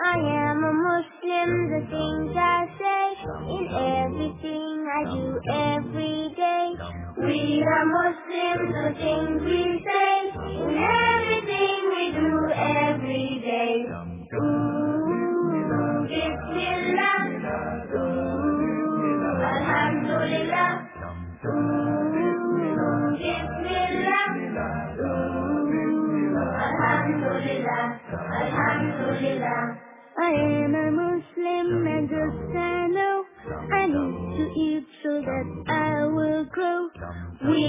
I am a Muslim, the things I say, in everything I do every day. We are Muslims, the things we say, in everything.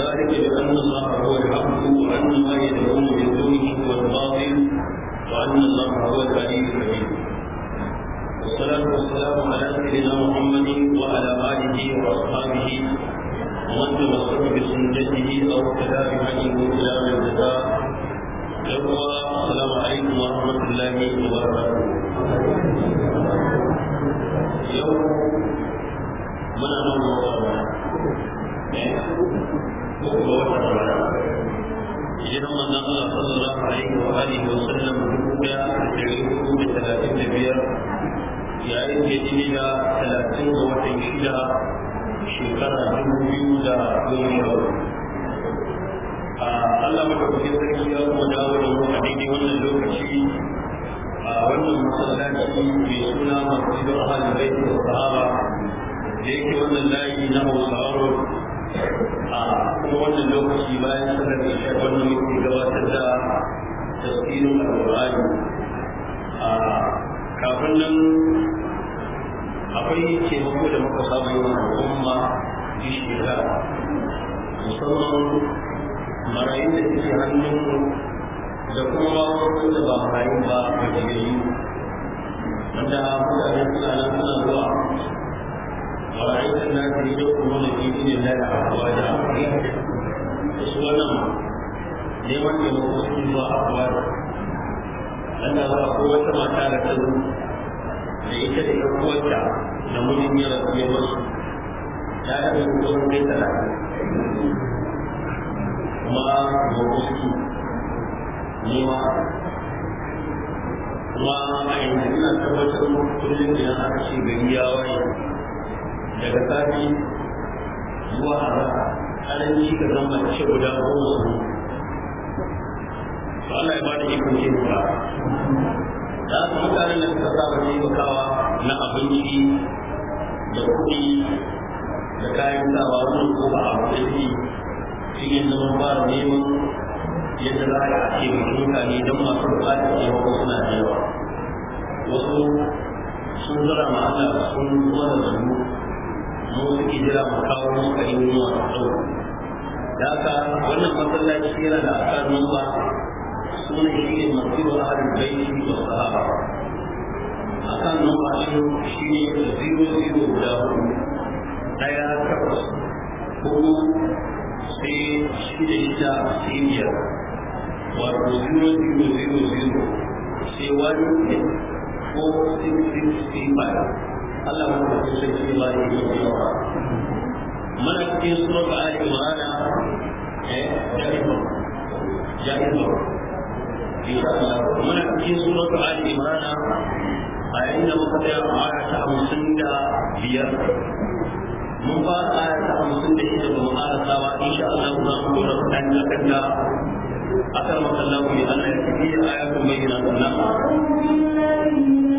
ذلك بأن الله هو الحق وأن ما يدعون من دونه هو الباطل وأن الله هو العلي الكريم والصلاة والسلام على سيدنا محمد وعلى آله وأصحابه ومن تمسك بسنته أو كتاب عنه إلى من جزاء السلام عليكم ورحمة الله وبركاته يوم من أنا hijiran manzon Allah sallallahu alaihi wa da dari da talatin da biyar yayin da talatin Allah sarki ya kuma dawo da mu a daidai wannan lokaci a wannan masallaci mai suna masjidul ahlul bait wa sahaba da yake wannan layi na Hausawa a kuma wannan lokaci bayan sanar ishar wannan muke gabatar da tasirin alƙur'ani a kafin nan akwai taimako da muka samu yawan al'umma ji shekara musamman marayun da suke hannunmu da kuma wasu da ba marayu ba a jirgin wanda kudaden suna nan suna zuwa ورأيت الناس يدخلون في دين الله أفواجا وسونا neman taimako cikin zuwa abuwa Allah za ko wata mata da ta da ita da ƴan uwarta da mijin ya rasu ya wasu ta da tsohon kai talatin kuma mabuski nema kuma a yanzu ina tabbatar kullum idan aka ce gari ya waye daga safi zuwa araba alanci ka zama da shi guda goma su to Allah ya bada ikon yin ba da su mutanen da suka saba taimakawa na abinci da kuɗi da kayan sawa wannan ko ba a cikin zaman ba neman yadda za a ce mutane don masu bukatar taimako suna da yawa wasu sun zara ma'ana sun zuwa da mu suke jira mu kawo mu kari mu masu tsawo da haka wannan masallaci yana da asar namba sunan shi ne masiru ahlul baiti wa sahaba akan namba shi ne 00 guda hudu daya takwas hudu sai shida shida sai biyar wato 0000 sai wani 4665 Allah mu da ke sai shi ba ne yawa mana cikin surar Ali Imran eh jahilu jahilu insha Allah mana cikin surar Ali Imran a inda muka tsaya a aya ta 55 mun fara aya ta 56 ba mu fara sawa insha Allah za mu dora kan lakanda أكرمك الله بأن هذه آية بينة لها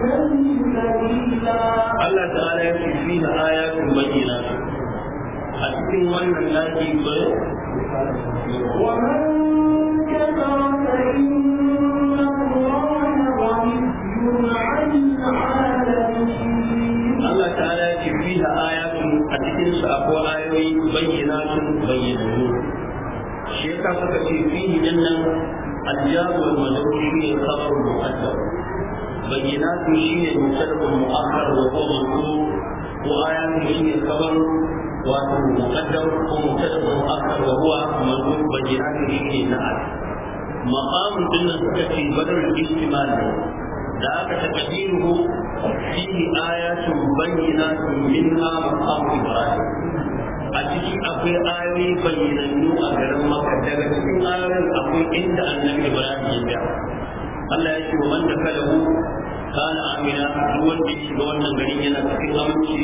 Allah ta'ala ya ce fi na ayatun bayyana a cikin wannan lafi ba ومن كفر فإن الله غني عن العالمين Allah ta'ala ya ce fi da ayatun a cikin su akwai ayoyi bayyana sun bayyanannu shi yasa suka ce fi nan al-jabu wal-majrur shi ne kafrul muqaddam بينات شيء مبتدأ مؤخر وهو مذكور وآيات شيء خبر ومقدر ومبتدأ مؤخر وهو مذكور بينات شيء نعت مقام دون سكة بدر الاجتماعي ذاك تقديره فيه آيات بينات منها مقام إبراهيم a ciki akwai ayoyi bayyanannu a garin maka daga cikin ayoyin akwai inda annabi ibrahim ya Allah ya ce wa man dakalahu kana amina duk wanda ya ga wannan garin yana cikin aminci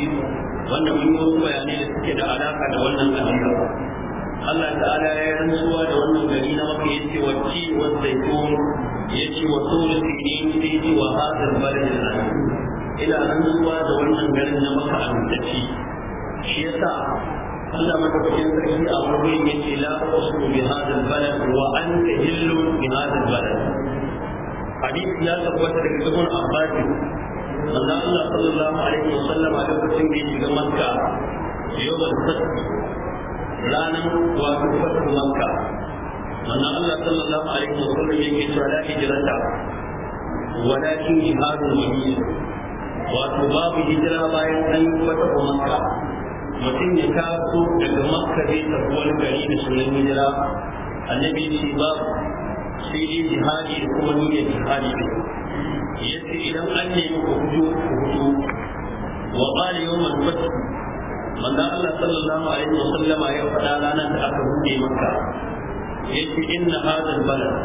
wanda mun yi wasu bayanai da suke da alaka da wannan hadisi Allah ta'ala ya rantsuwa da wannan gari na maka ya ce wa ci wa zaitun ya ce wa sauri sinin sai ya ce wa hadar balad al ila rantsuwa da wannan garin na maka amintacci shi yasa Allah madaukakin sarki a wurin ya ce la usu bi hadal balad wa anta hillu bi hadal balad hadisi ya tabbata daga ibn abbas manzo Allah sallallahu alaihi wa sallam a lokacin da ya shiga makka yawan sabt ranar wato fatu makka manzo Allah sallallahu alaihi wa sallam yake cewa la hijrata walakin jihadun jamil wato babu hijira bayan an fatu makka mutum ya taso daga makka zai tafi wani gari da sunan hijira annabi ce babu sai dai jihadi da kuma niyyar jihadi yace idan an nemi ku hudu ku hudu wa qala yawmal fath manzo Allah sallallahu alaihi wa sallama ya faɗa ranar da aka buɗe maka yace inna hadha balad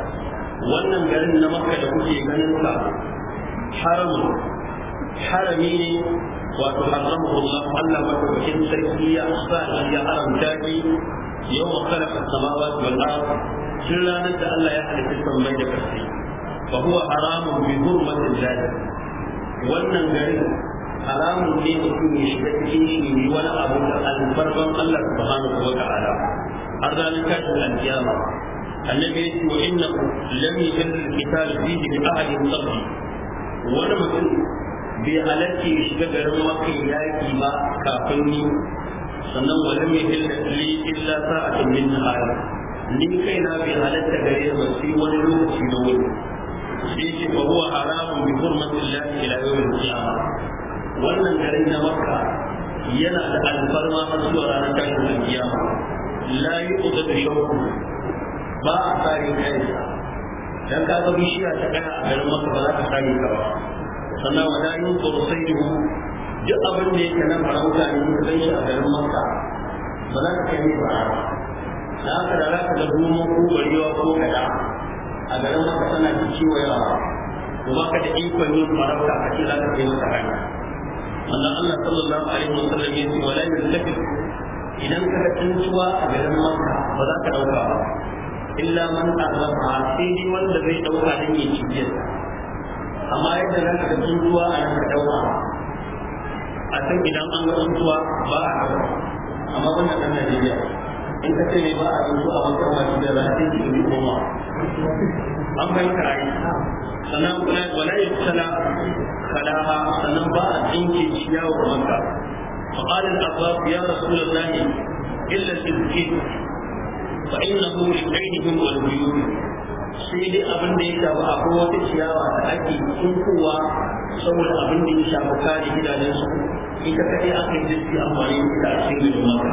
wannan garin na makka da kuke ganin sa Haram harami ne wato haramahu Allah Allah madaukakin sarki ya sa ya haramta ki yau khalaqa samawati wal ardh tun ranar da Allah ya halitta sammai da ƙarfi ba huwa haramun bi hurmatin lahi wannan garin haramun ne mutum ya shiga cikin shi ne wani abu da albarban Allah subhanahu wa ta'ala har da nan ranar tashin alkiyama annabi ya ce wa innahu lam yajid al-qital fihi bi ahadin qabli wani mutum bai halarci ya shiga garin makai yaƙi ba kafin ni sannan wani mai illa illa sa'atin min nahari ni kai na bai halatta gare ni sai wani lokaci na wuri sai ce fa huwa haramun bi hurmatillah ila yawmil qiyamah wannan garin na makka yana da alfarma a zuwa ranar tashin kiyama la yuqda bi shawku ba a kare kai dan ka ga bishiya ta kana a garin makka ba za ka kare ka ba sannan wala yunqur sayyidu duk abin da yake nan farauta ne ka gaishe a garin makka ba za ka kai ba Na haka da za ka ga domin ko barewa ko gada a garin maka tana ta kewayawa to baka da ikon yin farauta a ce za ka kai masa hanya wannan Allah sallallahu alaihi wasallam ya ce wala yaltafi idan ka ga tsintuwa a garin maka ba za ka ɗauka ba illa man azaba sai dai wanda zai dauka dan ya ciyar amma yadda za ka tsintuwa a nan ka dauka a san idan an ga tsintuwa ba a dauka amma wannan dan Najeriya in ka ce ne ba a yanzu a wancan masu da za a ce ki yi an bai karayi sannan wala ya tsala kalaha sannan ba a tsinke ciyawar wanka فقال العباس يا رسول الله إلا التزكية فإنه لعينهم والبيوت sai dai abin da ya shafi akwai wata ciyawa da ake tsinkowa saboda abin da ya shafi kare gidajensu ita kaɗai aka yi jirgi amfani da a cikin gidan maka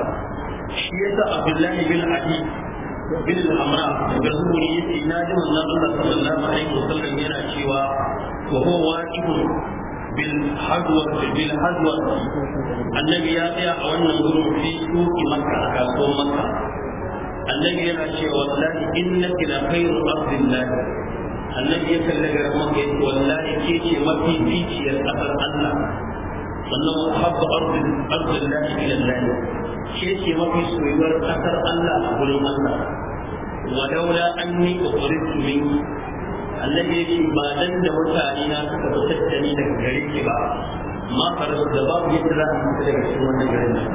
shi ya sa abdullahi bin adi bin al-amra da zuhuri yace ina ji manzon Allah sallallahu alaihi wasallam yana cewa wa huwa wajibun bil hadwa bil hadwa annabi ya tsaya a wannan gurin fi suki makka a kasuwar makka annabi yana cewa wallahi innaka la khairu abdillah annabi ya kallaga makka yace wallahi ke ce mafi ficiyar kasar Allah sannan wa habba ardin ardillahi ila Allah ke ce mafi soyuwar kasar Allah a gurin Allah wa daula anni uqritu min annabi ya ce ba dan da mutane na suka fitar da ni daga gare ki ba ma farasu da babu yadda za a fita daga cikin wannan garin nan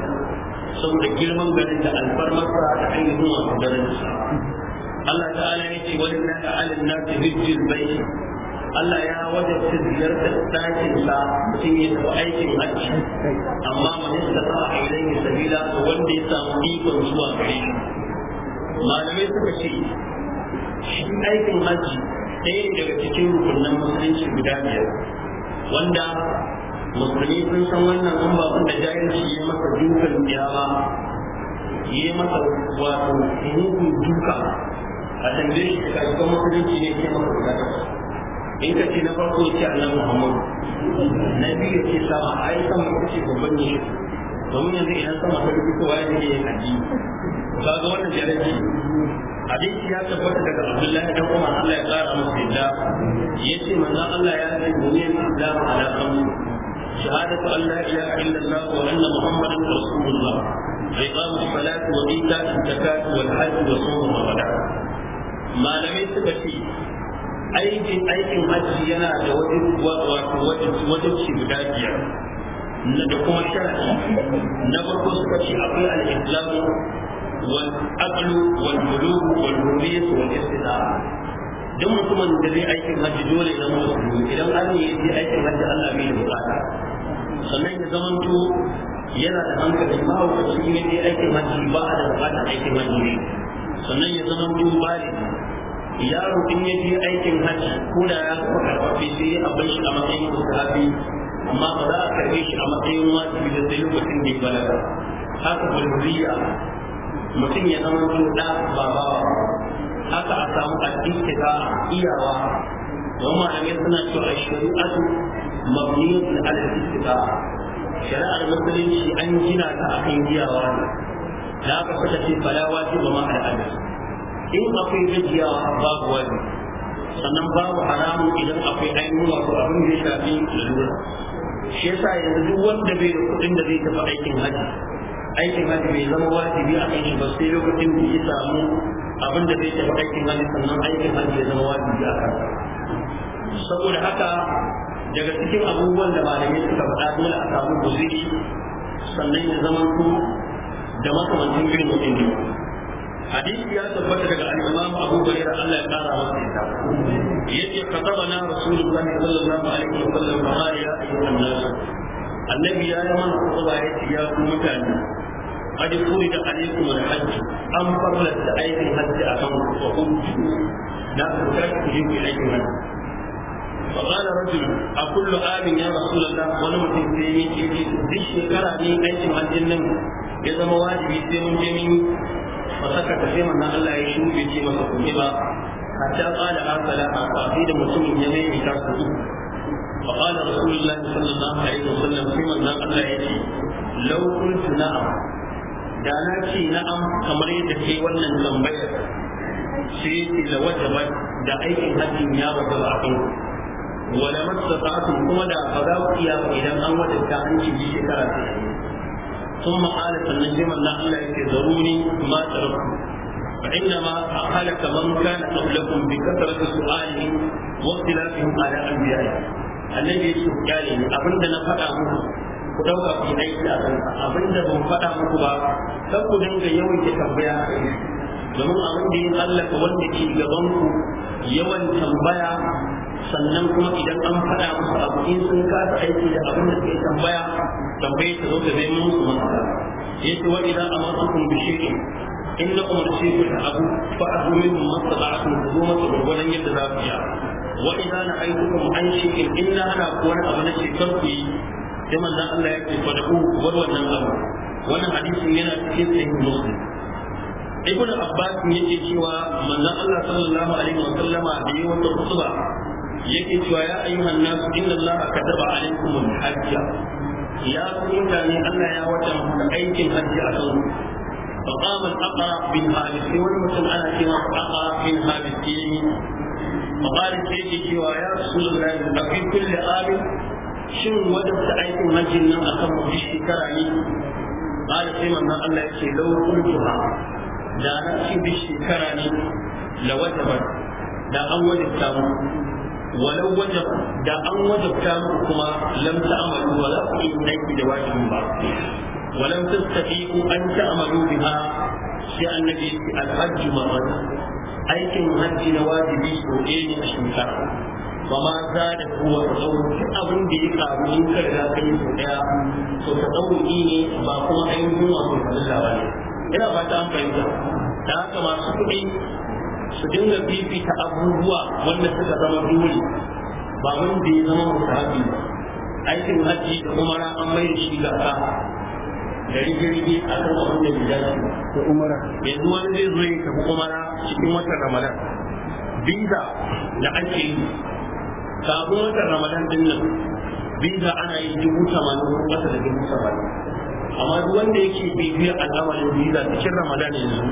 saboda girman garin da alfarmarsa da ainihin wasu garin Allah ta'ala ya wani na ta'alin na ta hijjil bai Allah ya wajabta ziyartar ɗakin sa mutum ya tafi aikin hajji amma ta man istata ilayhi sabila wanda ya samu ikon zuwa gare shi malamai suka ce shi aikin hajji ɗaya ne daga cikin rukunan musulunci guda biyar wanda musulmi sun san wannan an ba da jahilci ya masa dukan yawa ya masa wato mugun duka a tambaye shi ka shiga musulunci ne ke masa guda in ka ce na farko ya ce annabi muhammadu na biyu ce sama a yi sama ita ce babban ne domin yanzu idan sama ta dubi kowa ya zai ba ga wannan jarabi hadisi ya tabbata daga abdullahi dan umar allah ya kara masa yadda ya ce manzon allah ya ce duniyar islam ala kamu shahadatu an la ilaha illallah wa anna muhammadan rasulullah iqam as-salati wa ita'i az-zakati wal hajj wa sawm aikin aikin hajji yana da wajen ci guda biyar da kuma sharaɗi na farko suka ce akwai al'islamu wal aqlu wal muluk wal hurriyat wal istidara duk mutumin da zai aikin hajji dole ya zama musulmi idan an ne zai aikin hajji Allah bai da bukata sannan ya zamanto yana da hankali ba wa kashi ne aikin hajji ba a da bukata aikin hajji sannan ya zamanto balibi yaro in ya je aikin hajji ko da ya kuma karfafi sai a bar shi a matsayin musahabi amma ba za a karbe shi a matsayin wajibi da sai lokacin da ya balaga haka bulburiya mutum ya zama to da babawa haka a samu al'ittiba iyawa don malamai suna cewa shari'atu mabniyatun al'ittiba shari'ar musulunci an gina ta akan iyawa ne da aka fata ce falawa ce ba ma al'adar in akwai rijiya babu wani sannan babu haramun idan akwai ainihin wato abin da ya shafi lalura shi yasa yanzu duk wanda bai da kuɗin da zai tafi aikin haji aikin haji bai zama wajibi a kan ba sai lokacin da ya samu abin da zai tafi aikin haji sannan aikin haji ya zama wajibi a kan saboda haka daga cikin abubuwan da malamai suka faɗa dole a samu guziri sannan ya zama da makamancin irin mutum hadisi ya tabbata daga al-Imam Abu Hurairah Allah ya kara masa yarda yace katabana Rasulullahi sallallahu alaihi wa sallam fa qala ya ayyuhan nas annabi ya yi mana khutba yace ya ku mutane قد فرض عليكم الحج أم فرضت أيدي الحج أكم وقمت لا تركت تجيب إليكم فقال رجل أكل آب يا رسول الله ونمت سيمي ذي شكرا لي أيدي الحج ya zama wajibi sai mun je mun فسكت في من الله يشوف يجي مسكوبا حتى قال أرسل أعطيه مسلم يمين كاسوس فقال رسول الله صلى الله عليه وسلم في من الله يجي لو قلت نعم da na ce na'am kamar yadda ke wannan tambayar sai ce da wata ba da aikin hajjin ya wata ba a kan wala kuma da ba za ku idan an wadanta an sun maƙala sannan sai manzon Allah ya ce zaruni ma من كان قبلكم بكثرة سؤاله واختلافهم على أنبيائه الذي سؤالي أبدا نفقا muku ku ɗauka ku aiki a kansa abin da ban faɗa muku ba kan ku dinga yawan ki tambaya domin abin da wanda ke gaban ku yawan tambaya sannan kuma idan an faɗa musu abu in sun kasa aiki da abin da ke tambaya tambaye ta zo ta zai musu Ya ce wa idan amartukum bi shay'in in na umarce ku da abu fa a azu masa masala'atun ku zo masa gurgurdan yadda za ku iya wa idan na aikukum an shay'in in na ana ku wani abu na ce kar ku yi sai manzon Allah ya ce fa da ku war wannan abu wannan hadisin yana cikin sahih muslim ibn abbas yake cewa manzon Allah sallallahu alaihi wa sallama da yi wata khutba yake cewa ya ayyuhan nas inna allaha kataba alaikumul hajja ya ku mutane Allah ya wata muku aikin hajji a kan فقام الأقرع بن هابس والمسلم أنا كما الأقرع بن هابس فقال سيدي يا رسول الله أفي كل آب shin wadda aikin hajjin nan akan mutu shekara ne قال سيما أن الله يقول لو قلتها لا نفسي بالشكراني لوجبت لا أول التامون walau wajab da an wajabta muku kuma lam ta'malu wa la aiki da wajibin ba walam tastati'u an ta'malu biha sai annabi al-hajj marrat aikin hajji na wajibi ko ne a shekara ba ma za da kuwa tsawo abin da ya karu in ka riga kai sau daya ne ba kuma ainihin wato sallah ba ne ina fata an fahimta da haka masu kuɗi su dinga fifita abubuwa wanda suka zama dole ba wanda ya zama musahabi ba aikin hajji da umara an mai da shi gasa da rigirgi a kan abin da ya dace da umara yanzu wani zai zo ya tafi umara cikin watan ramadan biza da ake yi kafin watan ramadan din nan biza ana yi dubu tamanin ko kasa da dubu tamanin amma duk wanda yake bibiyar al'amarin biza cikin ramadan yanzu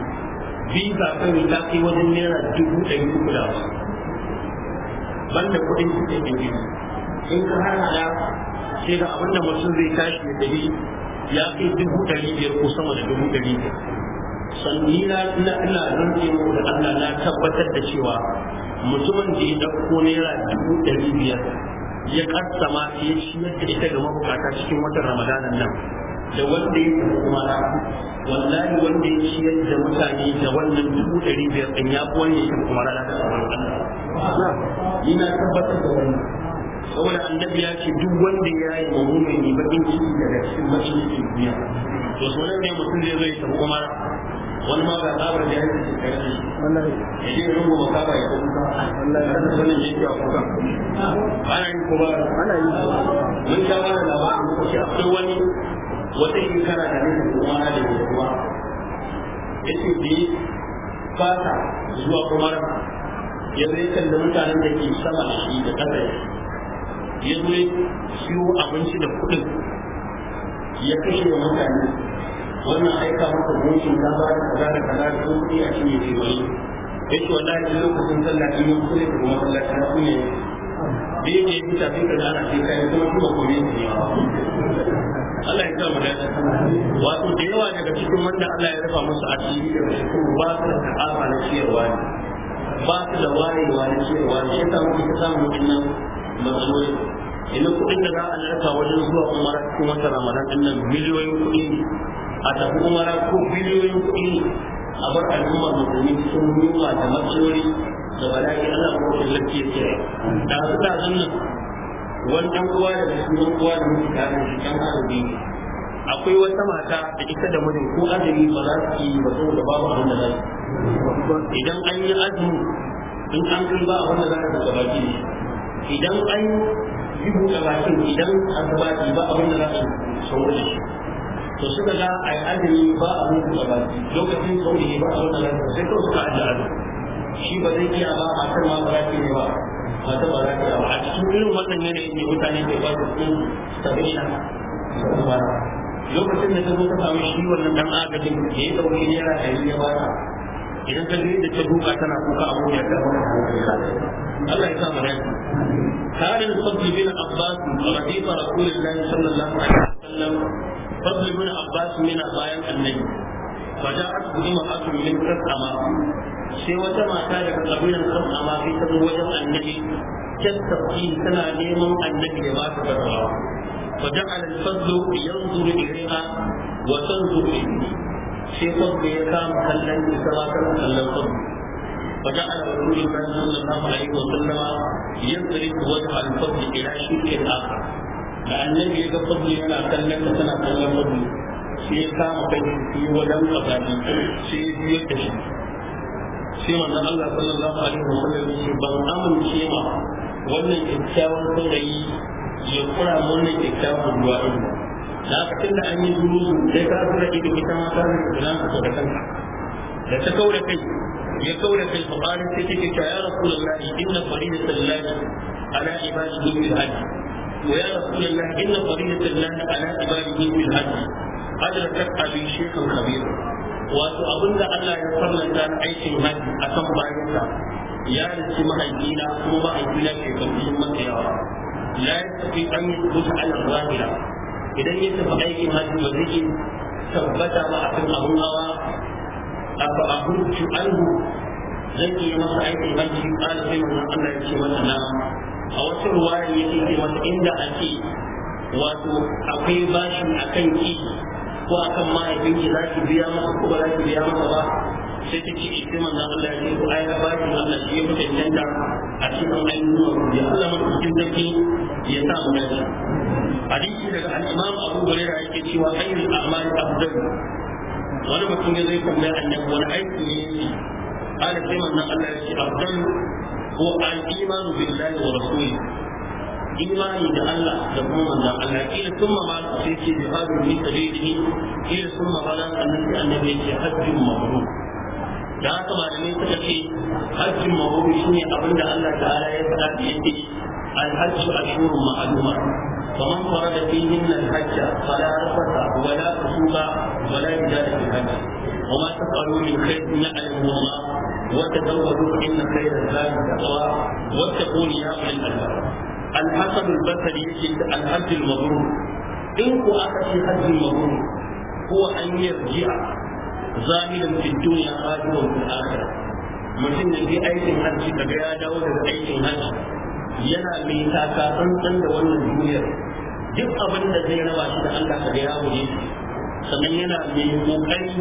visa kawai ta kai wajen naira dubu ɗari uku da wasu banda kuɗin kuɗin jirgin in ka hana ya sai da abinda mutum zai tashi ya tafi ya kai dubu ɗari biyar ko sama da dubu ɗari biyar sannan na ina ina rantse mu da Allah na tabbatar da cewa mutumin da ya ɗauko naira dubu ɗari biyar ya ma ya ciyar da ita ga mabukata cikin watan ramadanan nan da wanda ya tafi kuma wallahi wanda ya ciyar da mutane da wannan dubu ɗari biyar ɗin ya fi wanda ya tafi kuma rana ta samu ni na tabbatar da wannan saboda annabi ya ce duk wanda ya yi mummuni ne bakin ciki daga cikin bakin cikin duniya to so nan ne mutum zai zo ya tafi kuma wani ma ga tsabar da ya ce shekara ne ya je ya rungu ba kaba ya kuka ya rasa sanin ya ke kuka ana yi ko ba ana yi mun sha wani labarin ko shi akwai wani wata kana da nufin na da yawa ya ce bi fata zuwa kumar ya zai da mutanen da ke sama da shi da ƙasa ya zo siyo abinci da kuɗin ya kashe wa mutane wannan aika maka gunkin ka ba da kaza da kaza da sun kuɗi a cikin ya ce wani ya ce wallahi lokacin sallah in yi kuɗi kuma sallah ta ne da yake yi tafin ka zara sai kai kuma kuma kome su ne Allah ya samu dace wato da yawa daga cikin wanda Allah ya rufa musu a cikin ba su da ta'afa na ciyarwa ne ba su da wayewa na ciyarwa ne ya samu ka samu wannan matsaloli ina kuɗin da za a narka wajen zuwa umara cikin wata ramadan ɗin nan miliyoyin kuɗi a tafi umara ko miliyoyin kuɗi a bar al'ummar musulmi sun yunwa da matsaloli da bala'i Allah ko shi lafi ya da su da nan wani dan uwa da dan uwa da muke tare da dan arabi akwai wata mata da ita da mijin ko azumi ba za su yi ba saboda babu abin da za su idan an yi azumi in an kai ba abin da za su gaba ki idan an yi buɗe bakin idan an gaba ba abin da za su sauro da shi to suka ga a yi azumi ba abin da gaba ki lokacin sauro ne ba abin da za su sai kawai suka ajiye azumi shi ba zai iya ba matar ma ba za ba matar ba za ta ba a cikin irin waɗannan yanayin ne mutane ke ba su sun sabbin na lokacin da ta zo ta samu shi wannan dan agajin da ya ɗauki naira ɗari ya ba ta idan ka da ta duka tana kuka abu ya karɓa Allah ya sa mu dace kana fadli bin abbas radiya rasulullahi sallallahu alaihi wasallam fadli bin abbas mina bayan annabi فجاءته امرأة من قسأمة sai wata mata daga kabilan sama sai ta zo wajen annabi tattafi tana neman annabi ya ba ta karbawa fa ja'ala al-fadlu yanzuru ilayha wa tanzuru ilayhi sai fadlu ya kama kallon ita ma ta kallon fadlu fa ja'ala rasulullahi sallallahu alaihi wa sallama yanzuru wajha al-fadl ila shay'in da kallon sai kama kai yi wajen tsakani sai biyo da shi sai manzon Allah sallallahu alaihi wa sallam ya ban amince ma wannan kyakkyawan saurayi ya kura wannan kyakkyawan ruwa din da aka tunda an yi durusu sai ka tura ido ita ma ta da ka da kanka da ta kaura kai ya kaura kai fa qala sai take cewa ya rasulullahi inna fariidatan lahi ala ibadihi bil hajj ويا رسول الله إن فريضة الله على عباده بالهدي adrakat abi shaykhun kabir wato abinda Allah ya farlanta aikin haji akan bayansa ya rici mahaifina ko mahaifina ke kafin masa yawa la yasfi an yukuta ala zahira idan ya tafi aikin haji ba zai tabbata ba a akan abun hawa afa ahurtu anhu zan yi masa aikin haji kana sai wannan Allah ya ce masa na a wata ruwaya ya ce masa inda ake wato akwai a kan ki ko akan mahaifin ki za ki biya masa ko ba za ki biya masa ba sai ta ce sai manzon Allah ya ce ko ai ba ki Allah shi ya fice tanta a cikin ayyukan ya Allah mu cikin sarki ya sa mu dace hadisi daga al-Imam Abu Hurairah yake cewa ayyul a'mal afdal wani mutum ya zai tambaya annabi wani aiki ne yake قال سيما أن الله يقول أفضل هو الإيمان بالله ورسوله imani da Allah da kuma manzon Allah kila summa ma sai ce jihadu fi sabilihi kila summa ma la sannan annabi ya ce hajjun mabrur da haka malamai suka ce hajjun mabrur shine abin da Allah ta'ala ya faɗa da yake الحج أشهر معلومة فمن فرد فيهن الحج فلا رفث ولا فسوق ولا جدال في الحج وما تفعلوا من خير يعلمه الله وتزودوا فإن خير الزاد التقوى واتقون يا أولي الألباب الحسن البصري يجد الحج المبرور إن هو أتى الحج المبرور هو أن يرجع ظاهرا في الدنيا راجوا في الآخرة mutum ya je aikin hajji daga ya dawo daga aikin hajji yana mai taka tsantsan da wannan duniyar duk abin da zai raba shi da Allah kaga ya wuri sannan yana mai kokari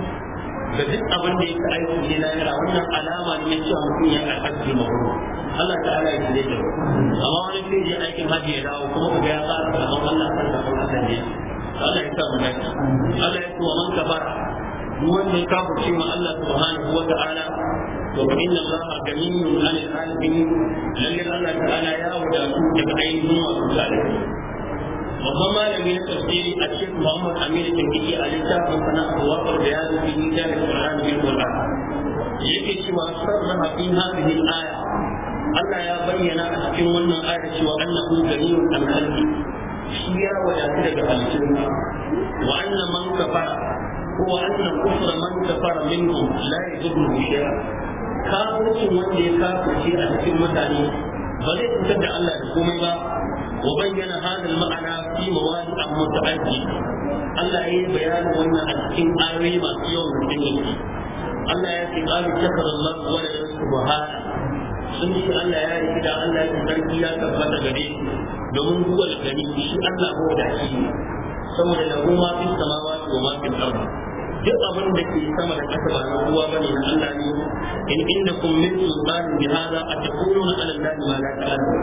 da duk abin da yake aiki ne lahira wannan alama ne cewa mutum ya alhaji mabrur Allah ala ya zai da amma wani sai je aikin haji ya dawo kuma kaga ya fara karɓar Allah sallallahu alaihi wasallam Allah ya sa mu dace Allah ya ce wa man kafara wanda ya kafirce ma Allah subhanahu wa ta'ala to inna Allah ganiyun 'anil 'alamin lalle Allah ta'ala ya wadatu daga ainihin wasu zalimi babban malami ya tafsiri a cikin Muhammad Aminu Tinkiki a littafin sana a wafar da ya zubi ni da Qur'an bil Qur'an yake cewa sarraha fi hadhihi al-aya Allah ya bayyana a cikin wannan aya cewa annahu ganiyun an khalqi shi ya wadatu daga halittun wa anna man kafara ko anna kufra man kafara minhum la yadurru shay'a kafircin wanda ya a cikin mutane ba zai da Allah da komai ba وبين هذا المعنى في مواضع متعددة الله يي بيان وانا اكن ايوي ما في يوم الدين الله يكي قال شكر الله ولد سبحانه sun ce Allah ya yi da Allah ya sarki ya tabbata gare domin huwa al-gani shi Allah ko da shi saboda lahu ma fi samawati duk abin da ke sama da ƙasa ba na ba ne na Allah ne in inda kun min sultanin bi hada atakununa ala Allah ma la ta'lamun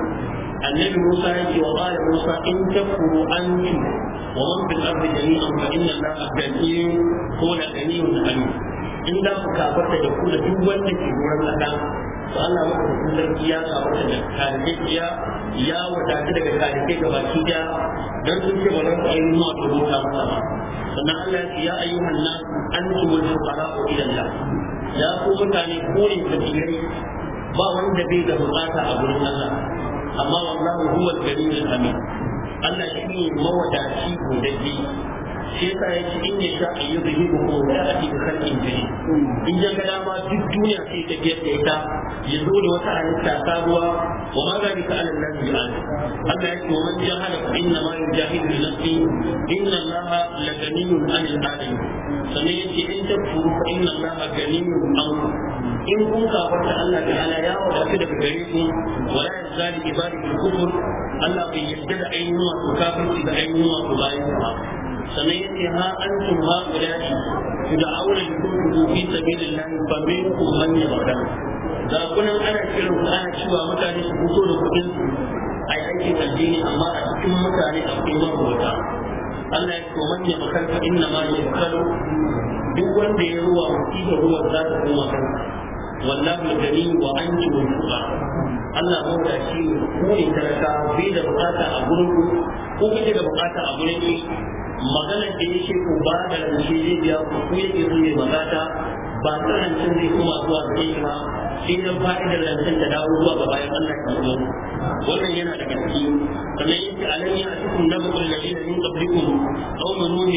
annabi Musa yake wa qala Musa in takfuru anni wa man fil ardi jami'an fa inna Allaha ghaniyyun ko la ghaniyyun alim in da ku kafarta da ku duk wanda ke gurin Allah to Allah maka hukun sarki ya kafarta da karikiya ya wadata daga karike ga baki da sun ce ba za su yi ya mutane ba wanda bai da bukata a gurin Allah amma wallahu huwa al-ghani al-hamid Allah shi ne mawadaci shi yasa ya ce in ya sha a yi zuhi ko kuma ya ake da sarkin jini in ya ga dama duk duniya sai ta gefe ita ya zo da wata halitta sabuwa wa ma za ka alal nan bi an Allah ya ce wa man jahala fa inna ma yujahidu li nafsi inna Allah la ganiyun anil alamin sannan ya ce in tafuru fa inna Allah ganiyun ankum in kun kafarta Allah da ta'ala ya wadatu daga gare ku wala yazali ibadi bil kufur Allah bai yarda da ainihin wasu kafirci da ainihin wasu bayan ba sannan ya yace ha antum haula'i tud'auna likutubu fi sabilillahi fa minkum man yarda da kunan ana kiran ku ana cewa mutane su fito da kudin su a aikin addini amma a cikin mutane akwai mabuta Allah ya ce man yabkal fa inna ma yabkalu duk wanda ya ruwa musibar ruwan za ta koma kansa wallahu al-gani wa antum al-fuqara Allah mu da shi ku ne taraka bai da bukata a gurin ku ku kuke da bukata a gurin shi maganar da yake ko ba da rance zai biya ku ku yake so mai magata ba ta rancen zai kuma zuwa ta shi ba shi dan fa'idar rancen ta dawo zuwa ga bayan Allah ta zo wannan yana da gaske sannan yake alam ya atikum nabul ladina min qablikum qawm nuh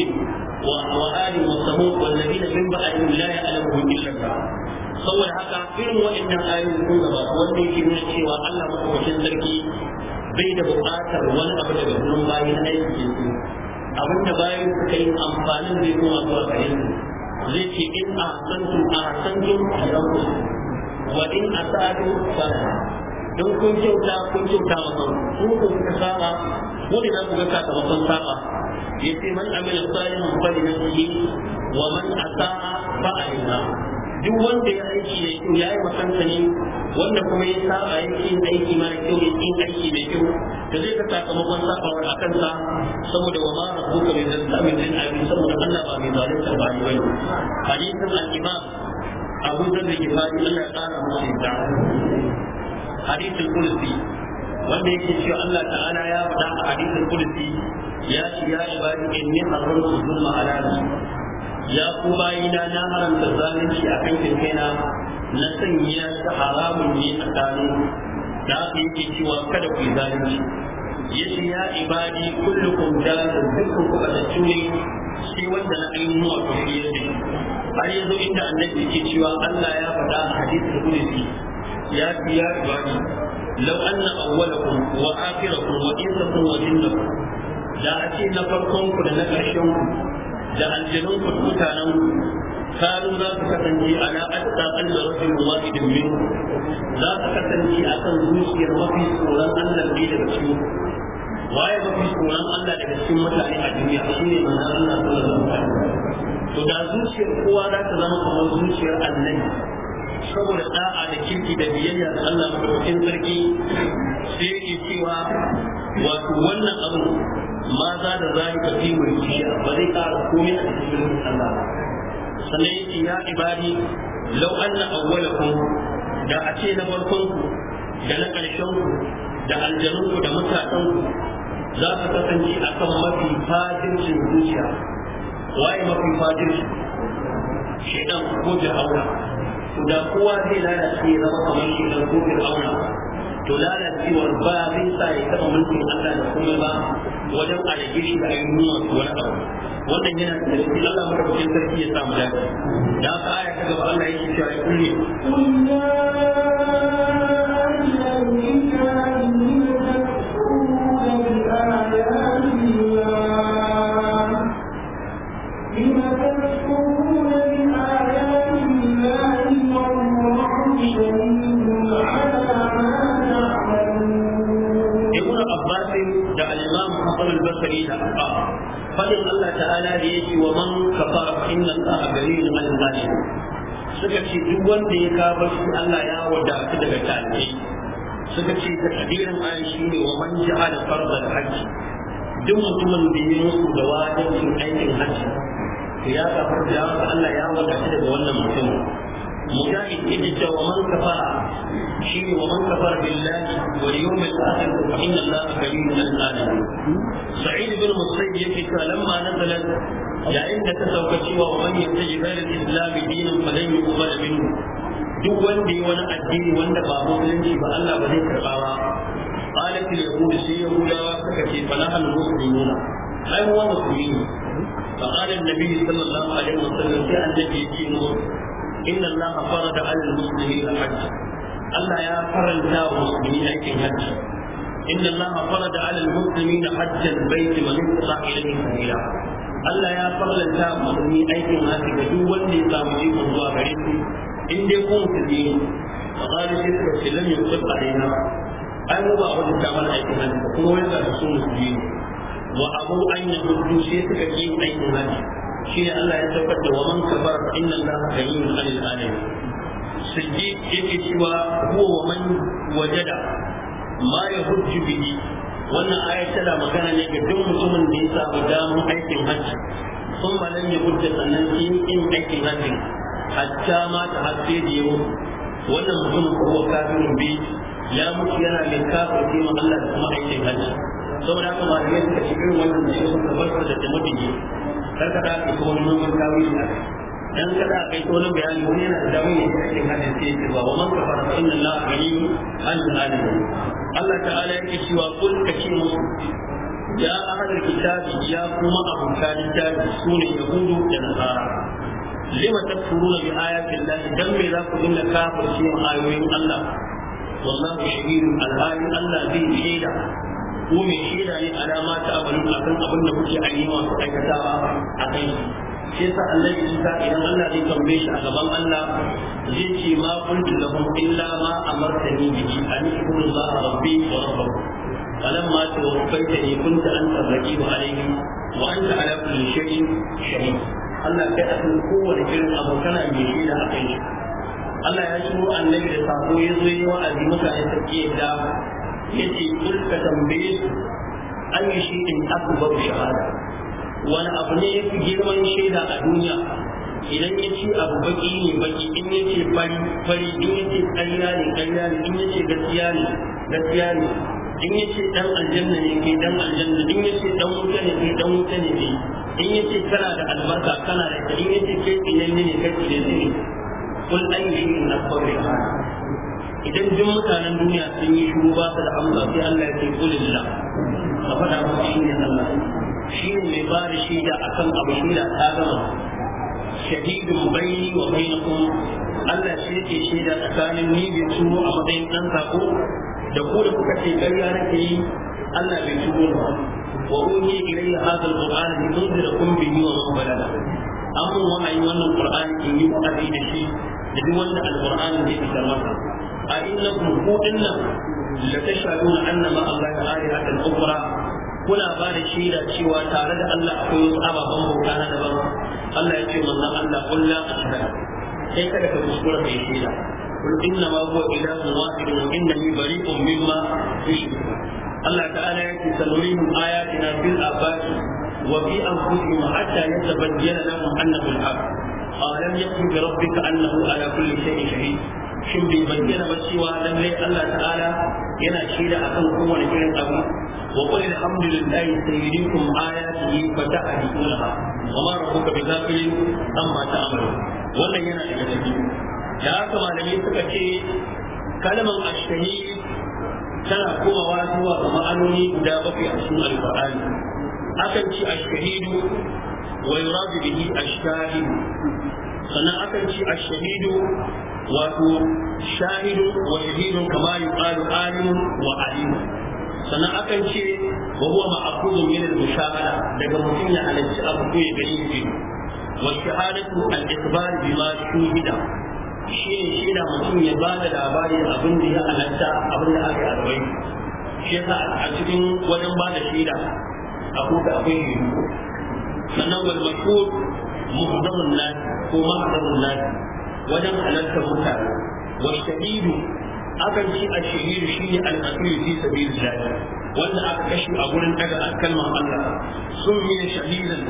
wa wa ali wa samud wal ladina min ba'dihim la ya'lamuhum illa Allah saboda haka irin waɗannan ayoyin sun gaba wanda yake nuna cewa Allah madaukakin sarki bai da buƙatar wani abu daga gurin bayan aikin su Abin da bayan suka yi amfanin zai kuma zuwa gare su zai ce in a hasantu a hasantu a yanku wa in a sa'adu ba don kun kyauta kun kyauta wa kan ku ku ka saba ko da ku ga sakamakon saba yace man amila salihan fa li nafsihi wa man a yi na. duk wanda ya aiki mai kyau ya yi makansa ne wanda kuma ya saba ya yi aiki mara kyau ya yi aiki mai kyau da zai ka sakamakon sabawar a kansa saboda wa ma mai min zalimin din aiki saboda Allah ba mai zalunta ba ne bane hadisin al-imam Abu zan da Bukhari Allah ya tsara shi da hadisin kursi wanda yake cewa Allah ta'ala ya faɗa a hadisul kursi ya ce ya ibadi inni haramtu zulma ala nafsi ya ku bayina na haramta zalunci a kan kirkaina na sanya ta haramun ne a tsakanin Na aka yake cewa kada ku yi zalunci yace ya ibadi kullukum dalil dukkan ku batattu ne sai wanda na ainihin wato shi ya ce har yanzu inda annabi yake cewa Allah ya faɗa a hadisin kudusi ya fi ya ibadi law anna awwalakum wa akhirakum wa insakum wa jinnakum da ake na farkon ku da na ƙarshen ku da aljanun ku mutanen ku kalu za su kasance ala adda anna rajul wahidin min za su kasance a kan zuciyar mafi tsoron Allah ne daga cikin waye mafi tsoron Allah daga cikin mutane a duniya ne manzon Allah sallallahu alaihi wasallam to da zuciyar kowa za ta zama kamar zuciyar annabi saboda da'a da kirki da biyayya da Allah madaukakin sarki sai ke cewa wato wannan abu ma za da zalika fi mulkiya ba zai ƙara komai a cikin mulkin Allah sannan yake ya ibadi law anna awwalakum da a ce na farkon da na ku da aljanun da mutanen za su kasance akan mafi fajircin zuciya waye mafi fajircin shedan ko Ku da kowa zai lalace ya zama kamar shedan ko fir'auna to lalacewar ba zai sa ya taɓa mulkin Allah da kuma ba wajen alagiri da ayin nuna su wani abu wannan yana da shi Allah maka bakin sarki ya samu da aka aya ta gaba Allah yake cewa Faɗin Allah ta'ala da yake wa man kafara fa inna Allah ghaniyun man zalimin suka ce duk wanda ya kafa shi Allah ya wadata daga talibai suka ce da takdirin ayi shine wa man ja'ala fardan hajji duk mutumin da ya musu da wajibin aikin hajji to ya kafa da Allah ya wadata daga wannan mutum mujahid ibn wa man kafara شيء ومن كفر بالله واليوم الآخر فإن الله كريم الآلمين سعيد بن مصيب يكفى لما نزلت yayin da ta sauka cewa wa man yattaji ghayril islam dinan duk wanda ya wani addini wanda ba musulunci ba Allah ba zai karba ba qalat al sai yahudawa suka ce fa nahnu muslimun ai mu musulmi fa qala an nabi sallallahu alaihi wasallam sai annabi ya ce inna allaha farada al muslimina hajj Allah ya faranta wa musulmi aikin hajji inna Allah farada ala al-muslimina hajj al-bayt wa nusra ilayhi sabila Allah ya faranta wa musulmi aikin hajji ga duk wanda ya samu ikon zuwa gare shi in dai ko musulmi fa qala shi ka ce lam yuqat alaina ai mu ba da damar aikin hajji kuma wai ga su musulmi wa abu an yahuddu shi suka yi aikin hajji shi ne Allah ya tabbatar wa man kafara fa inna Allah ghaniyun 'anil 'alamin siddiq yake cewa huwa wa man wajada ma yahujju bihi wannan ayar tana magana ne ga duk mutumin da ya samu damar aikin hajji sun ba nan ya gudda sannan sun yi aikin hajji. hatta ma ta hasse da yau wannan mutumin kuwa kafirin bi ya mutu yana da kafin sai Allah da kuma aikin hajji saboda haka ma da suka ci irin wannan da ya sun bar da mutum yi karkata ka kuma neman kawai a kai dan kada a kai tsoron bayani wani yana da damar ya cikin hadin sai ce ba wa man kafara fa inna allaha ghaniyyu an alamin Allah ta'ala yake cewa kul kace musu ya ahadul kitabi ya kuma abuka littafi sune yahudu da nasara lima takfuruna bi ayati llahi dan me za ku dinga kafirce mu ayoyin Allah wallahu shahidun alhali Allah zai shaida ko me shaida ne alama ta amalin akan abin da kuke ainihin wasu aikata a kai shi yasa ya Isa idan Allah zai tambaye shi a gaban Allah zai ce ma kuntu lahum illa ma amartani bihi an ikunu Allah rabbi wa rabbakum فلما توفيتني كنت انت الرقيب عليهم وانت على كل شيء شهيد Allah kai a kan kowane irin abu kana mai shi da akai Allah ya shiro annabi da sako ya zo yi wa'azi mutane ta ke da ya ce kul ka tambaye su an yi shi in aku babu shahada wani abu ne yafi girman shaida a duniya idan ya ce abu baki ne baki in ya ce fari fari in ya ce ƙarya ne ƙarya ne in ya ce gaskiya ne gaskiya ne in ya ce ɗan aljanna ne kai ɗan aljanna in ya ce ɗan wuta ne kai ɗan wuta ne kai in ya ce kana da albarka kana da ita in ya ce kai tsiyayye ne kai tsiyayye ne kul an yi in na kwabe idan duk mutanen duniya sun yi shuru ba su da amsa sai Allah ya ce kulillah da shaida akan abu shaida ta gama shahidun baini wa bainakum Allah shi yake tsakanin ni bai tuno a matsayin dan sako da ku da kuka ce ƙarya nake yi Allah bai tuno ba wa uhi ilayya hadha alquran li tunzirakum bihi wa man balagha amma wa ayi wannan qur'ani in yi shi da wanda zai a ku Allah kuna ba da shaida cewa tare da Allah akwai wasu ababen bauta na daban Allah ya ce manzon Allah kullu ashhadu sai kada ka kuskura kai shaida kul inna ma huwa ilahun wahid wa innani bari'un mimma tushrikun Allah ta'ala ya ce sanurihim ayatina fil afaqi wa fi anfusihim hatta yatabayyana lahum annahu al-haqq awalam yakun bi rabbika annahu ala kulli shay'in shahid shin bai bayyana ba cewa lallai Allah ta'ala yana shaida akan kowane irin abu wa qul alhamdulillahi sayyidikum ayatihi fa ta'rifunaha wa ma rabbuka bi ghafilin amma ta'malu wannan yana daga ciki da aka malami suka ce kalmar ash tana komawa zuwa ga ma'anoni guda bakwai a cikin alqur'ani akan ci ash-shahidu wa yuradu bihi ash-shahid sannan akan ci ash-shahidu wato shahidu wa shahidun kama yuqalu alimun wa alimun sannan akan ce wa huwa ma'khudun min al daga mutum ya halarci abu ko ya gani shi wa shahadatu al-ikhbar bima shuhida shi ne shi da mutum ya ba da labarin abin da ya halarta abin da aka arwai shi yasa a cikin wajen ba da a sannan wani mashhur muhdarun nas ko mahdarun nas wajen halartar mutane wa shahidu akan ci a shahidu shine al-asir fi sabilillah wanda aka kashe a gurin daga kalmar Allah sun yi shahidan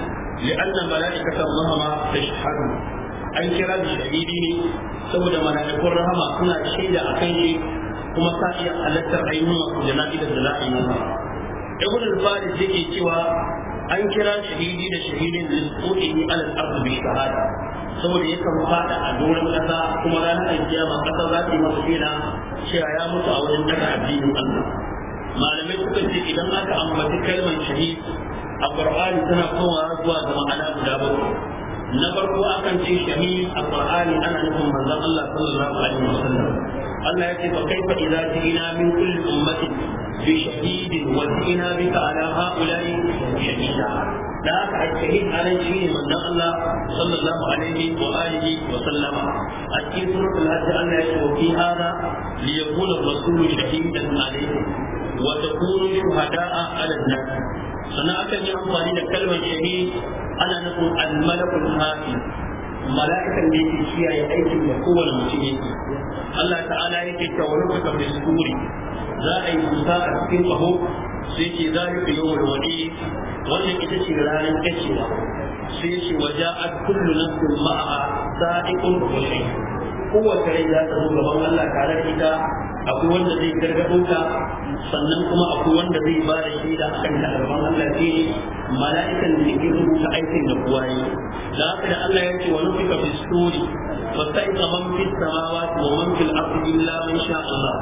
li'anna malaikatan rahama tashhadu an kira da shahidi ne saboda malaikun rahama suna shaida a kan shi kuma ka iya halartar ayyukan jana'idan da za'a yi masa ibn al-farid yake cewa an kira shahidi da shahidin da zuƙoƙi ne alal arzu bi shahada saboda yakan fada a doron ƙasa kuma ranar alkiyama ƙasa za ta yi masa cewa ya mutu a wurin daga addinin Allah malamai suka ce idan aka ambaci kalmar shahid a Qur'ani tana kowa zuwa ga ma'ana guda bakwai na farko akan ce shahid a Qur'ani ana nufin manzon Allah sallallahu alaihi wasallam Allah ya ce fa kaifa idza ji'na min kulli ummatin bi shahidin wa ji'na bika ala ha'ula'i shahida da aka alshahid a nan shi ne manzon Allah sallallahu alaihi wa alihi wa sallama a cikin suratul hajj Allah ya ce wa fi hada li yakuna rasulu yi amfani da kalmar shahid ana mala'ikan da yake kiyaye aikin da kowane mutum yake Allah ta'ala yake ta wani kuka da suri za a yi kusa a cikin kaho sai ce za yi fi yawon wani wannan ita ce ranar kacewa sai ce waje a kullu nafsin ma'a sa'ikun da kowace rai za ta zo gaban Allah tare da ita akwai wanda zai gargaɗo ka sannan kuma akwai wanda zai ba da shaida a kan gaban Allah ce mala'ikan da ke rubuta aikin da kuwa yi da haka da Allah ya ce wa nufika fi suri ba sai ka man fi samawati wa man fil ardi illa man sha Allah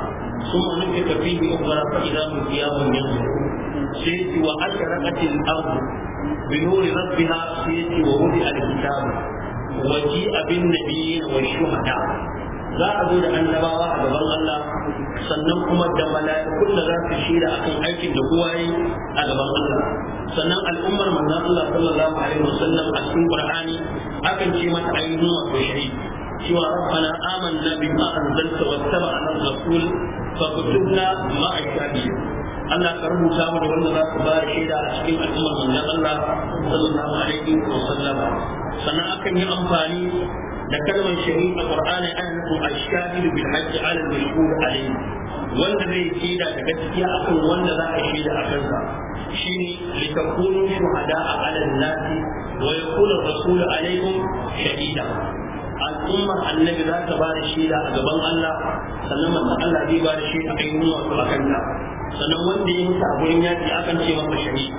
summa nufika fihi ukhra fa idza hum qiyamun yanzur sai ce wa ashraqatil ardu bi nuri rabbiha sai ce wa wudi al-kitab wa ji abin nabiyyin wa shuhada za a zo da annabawa a gaban Allah sannan kuma da mala'ikun da za su shira akan aikin da kowa yi a gaban Allah sannan al'ummar manzon Allah sallallahu alaihi wasallam a cikin Qur'ani akan ce mata ayyuhu wa shahid cewa rabbana amanna bima anzalta wattaba'na ar-rasul fakutubna ma'a shahidin Allah ka rubuta mu da wanda za ku ba shaida a cikin al'ummar manzon Allah sallallahu alaihi wasallam sannan akan yi amfani da kalmar shahid a qur'ani ana nufin ashhadu bil hajj ala al mashhur alayhi wanda zai shaida da gaskiya akan wanda za a shaida a kansa shine litakunu shuhada ala an-nas wa yakuna rasul alaykum shahida al'ummar annabi za ta ba da shaida a gaban Allah sannan manzon Allah zai ba da shaida a ainihin wasu a ta sannan wanda ya mutu a gurin yaki akan ce masa shahid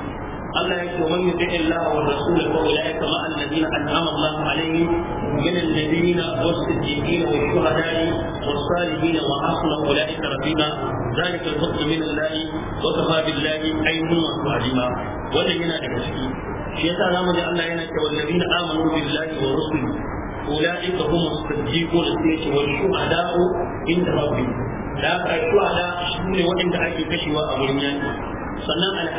الله يقول من يطع الله والرسول فاولئك مع الذين انعم الله عليهم من النبيين والصديقين والشهداء والصالحين وحسن اولئك رفيقا ذلك الفضل من الله وكفى بالله ايما وعليما ولن ينال shi yasa zamu ji Allah yana cewa allazina amanu billahi wa rusuli ulaika hum as-siddiqun sayyidi wal shuhada'u inda rabbi da ka shuhada shine ake kashewa a wurin yaki sannan al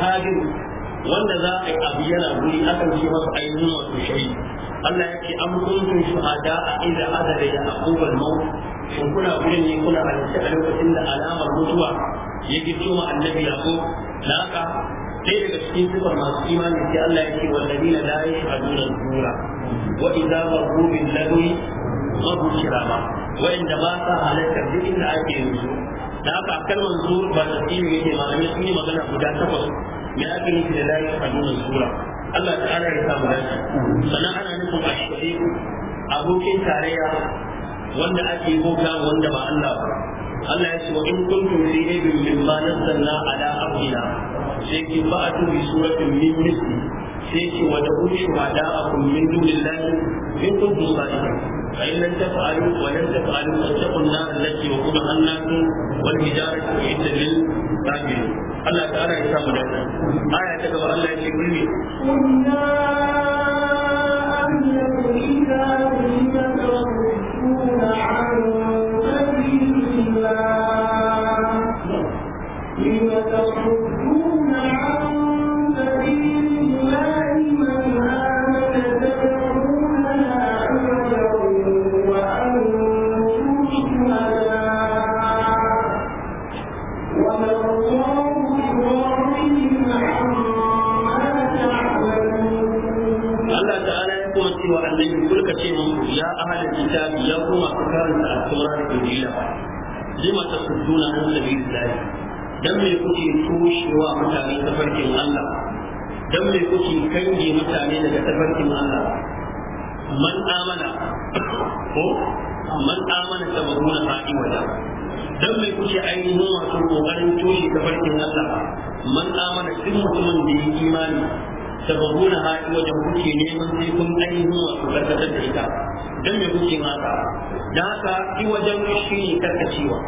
wanda za a yi abu yana guri akan ce masa ainihin wasu shari Allah ya ce an kuntum shuhada a idan da ya aqubal maut shin kuna gudun ne kuna halarci a lokacin da alamar mutuwa ya fito ma annabi Ko da haka ɗaya daga cikin sifar masu imani sai Allah ya ce wallazina la yashhaduna zura wa idza marru bil ladwi marru kirama wa'inda ba sa halarta duk inda ake yanzu da haka kalmar zuwa ba ta tsiri yake malamai sun yi magana guda takwas me ake nufi da layi a nuna sura Allah ta ana ya samu dace sannan ana nufin a shi abokin tarayya wanda ake bauta wanda ba Allah ba Allah ya ce wa in kuntum fi raybin mimma nazzalna ala abdina sai ki ba'atu bi suratin min misli sai ki wa da'u shuhada'akum min dunillahi in kuntum sadiqin فإن لم تفعلوا ولن تفعلوا فاتقوا النار التي وقودها الناس والحجارة أعدت للكافرين الله تعالى يسامح لنا آية تقول الله يشكرني قل لا أملك إذا suka ce ne ya ahalin kitabi ya kuma su karin da tura da injila lima ta sujjuna an sabilillahi dan me kuke tushewa mutane farkin Allah dan me kuke kange mutane daga farkin Allah man amana ko man amana tabaruna fa'i wala dan me kuke ainihin wato kokarin ta farkin Allah man amana duk mutumin da ya imani Sababuna ha in wajen kuke neman sai kun ainihin wato karkatar da ita don me kuke mata da haka in wajen shi ne karkacewa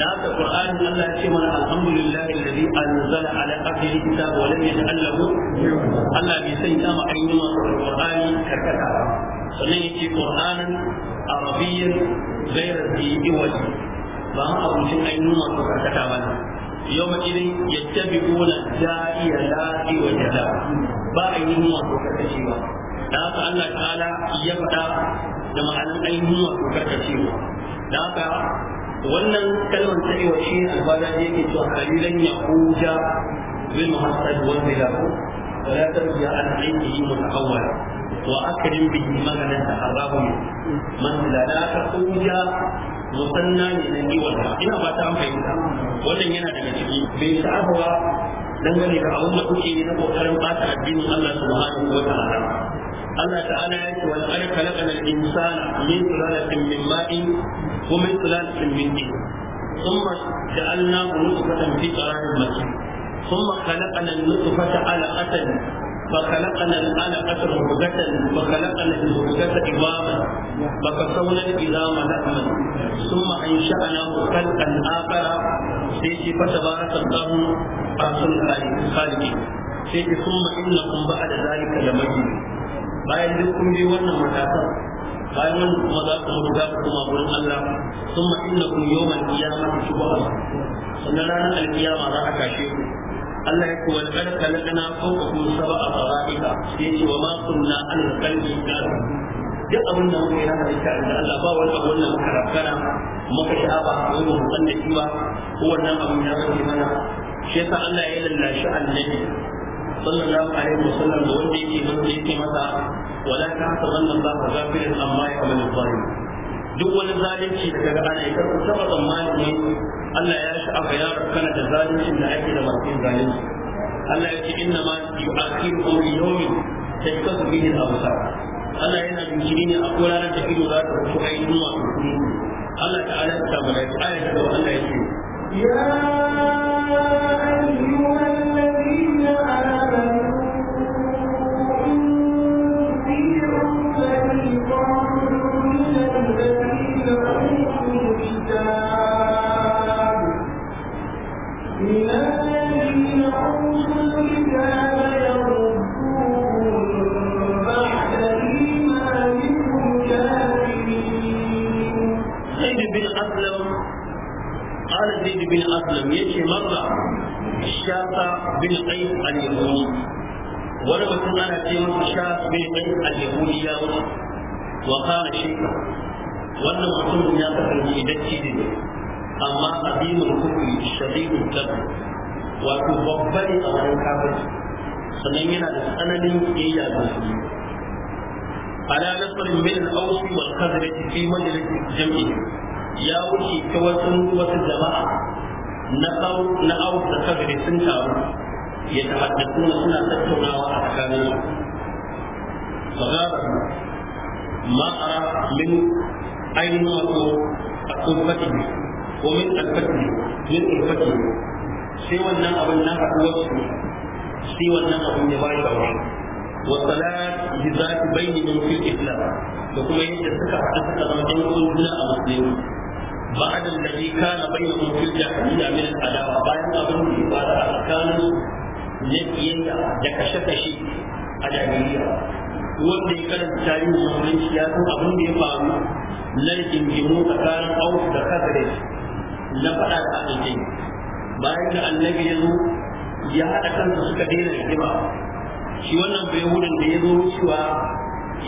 da haka qur'ani Allah ya ce mana alhamdulillah alladhi anzala ala abdihi kitaba wa lam yaj'al lahu Allah bai sai ta ma ainihin wato qur'ani karkata sannan yake qur'anan arabiyyan ghayra dhi'i ba ma abincin ainihin wato karkata ba ne yau ma idan yattabi'una da'iya la'i wa jala ba yi wato karkashewa da haka Allah ta'ala ya faɗa da ma'anar ainihin wato karkashewa da haka wannan kalmar ta iwa shi albada ne yake cewa kalilan yahuda bil muhassad wal bilal ولا ترجع عن عينه متحولا واكرم به مغنى تحراه مثل لا تخرج musanna ne na iwata ina ba ta fahimta wannan yana daga ciki bai sha'awa dangane da abin da kuke na kokarin bata addinin Allah subhanahu wa ta'ala Allah ta'ala ya ce wal qad khalaqana al-insana min sulalatin min ma'in wa min sulalatin min tin thumma ja'alnahu nutfatan fi qararin makin thumma khalaqana an-nutfata 'alaqatan فخلقنا العلقة مهجة فخلقنا المهجة عظاما فكسونا العظام لحما ثم أنشأناه خلقا آخر سيدي فتبارك الله أحسن الخالقين سيدي ثم إنكم بعد ذلك لمجنون bayan duk kun wannan matakan bayan wannan kuma za ku mutu kuma gurin Allah sun ma'inna kun yau mai kiyama a tashe Allah ya ce wal barka lana fawqakum sab'a qara'ika sai ce wa masu kunna an qalbi kaza duk abin da muka yi na halitta da Allah ba wani abu wannan muka rafkana muka sha ba wani mu san da shi ba ko wannan abin ya bace mana shi yasa Allah ya lallashi annabi sallallahu alaihi wasallam da wanda yake mun yake masa wala ta hasabanna Allah ghafiran amma ya amalu zalim duk wani zalunci da kaga ana yi karku taba ne Allah ya sha'afa ya kana da zaluncin da ake da masu yin zalunci Allah ya ce inna ma yu'akhiruhum bi yawmin tashkasu fihi al-absar Allah yana jinkiri ne a ko ranar da ido za ta rufu ainihin wato Allah ta'ala ta tabbata ayat Allah ya ce ya قال زيد بن أسلم يشي مرة الشاطة بن قيس اليهودي wani mutum ana masa ya wuce wa kana wannan ya ne amma hukumi wato babba ne a wajen kafirci sannan yana da tsananin kiyayya ga su ala nasarin min al-awsi wal khazraj fi majlis jam'i ya wuce ta wasu wasu jama'a na au na au da khazraj sun taru ya tahaddathu suna tattaunawa a tsakanin su fagara ma ara min ainihin wato a tsofatin ko min alfatin min alfatin sai wannan abin na haɗuwar su sai wannan abin ya bashi aure wa salat bi zati bainihim fil islam da kuma yadda suka haɗu suka zama ɗan uwan a musulmi بعد الذي كان بينهم في الجاهلية من العداوة بعد أبن إبادة كانوا نبيا لكشكشي a jahiliya wanda ya karanta tarihin musulunci ya san abin da ya faru na rigingimu tsakanin auf da kazare na faɗa da aƙiƙin bayan da annabi ya zo ya haɗa kansa suka daina rigima shi wannan bai wurin da ya zo cewa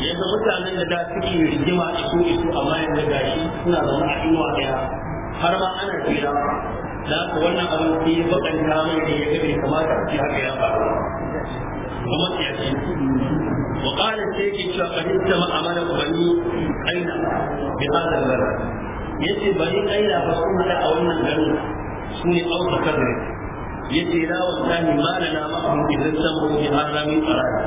ya ga mutanen da da suke rigima iso iso amma yanzu gashi suna zama a inuwa ɗaya har ma ana tsira da haka wannan abin sai ya bakanta mai da ya gabe kamata a ce haka ya faru kuma ya ce wa qala sai ke cewa qadid sama amana bani aina bi hadha al-balad yace bani aina ba sun hada a wannan garin su ne da kadrin ya ce la wallahi ma lana ma'ahum idan samu bi harami tsarari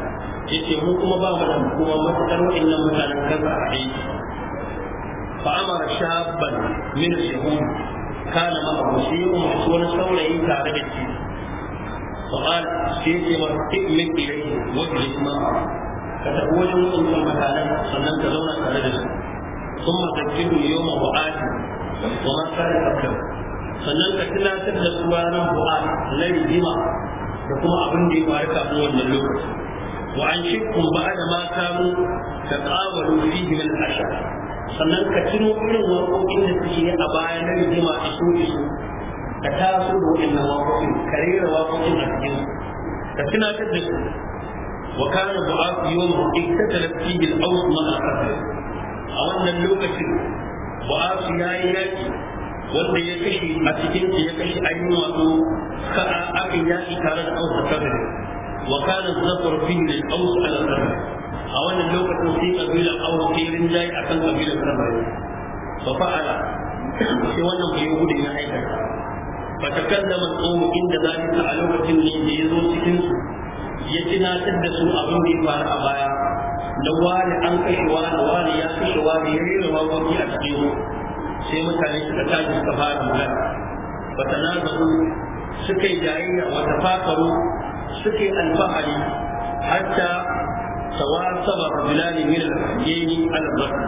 ya ce mu kuma ba mu da kowa matuƙar wa'annan mutanen kansa a aiki fa'amara shabban min shahum kana ma'ahu sai ya wani saurayi tare da shi فقال سيدي وإئمن إليه واجلس معه فتقول أنت مكانا سننت لونا كالجسد yi ذكره يوم وآتي وما كان قبله sannan ka tunatar da su ranar bu'a na rigima da kuma abin da ya faru kafin wannan lokaci wa an shirkun ba'a da ma samu da ƙawalu fihi min ashar sannan ka tuno irin waƙoƙin da suke yi a baya na rigima iso su, ka taso da waɗannan waƙoƙin ka rera waƙoƙin a cikin ka tunatar da su wa kana bu'afu yawma iktatala fihi al-aws ma'a a wannan lokacin bu'afu yayi yaki wanda ya kashe a cikin ya kashe an yi wato ka'a akan yaƙi tare da ausa kabari wa kana zafar fihi lil aus ala kabari a wannan lokacin sai kabila aus ke rinjaye akan kabilar kabari fa fa'ala sai wannan bai gudu ya aikata fa takallama qawm inda zalika a lokacin ne da yazo cikin su ya tunatar da su abin da ya faru a baya da wani an kashe wani wani ya kashe wani ya rera waƙoƙi a cikin su sai mutane suka tashi suka fara magana ba ta na zaɓu suka yi jayayya wata fafaru suka yi alfahari hatta tawasaba rajulani min al-yini al-zakr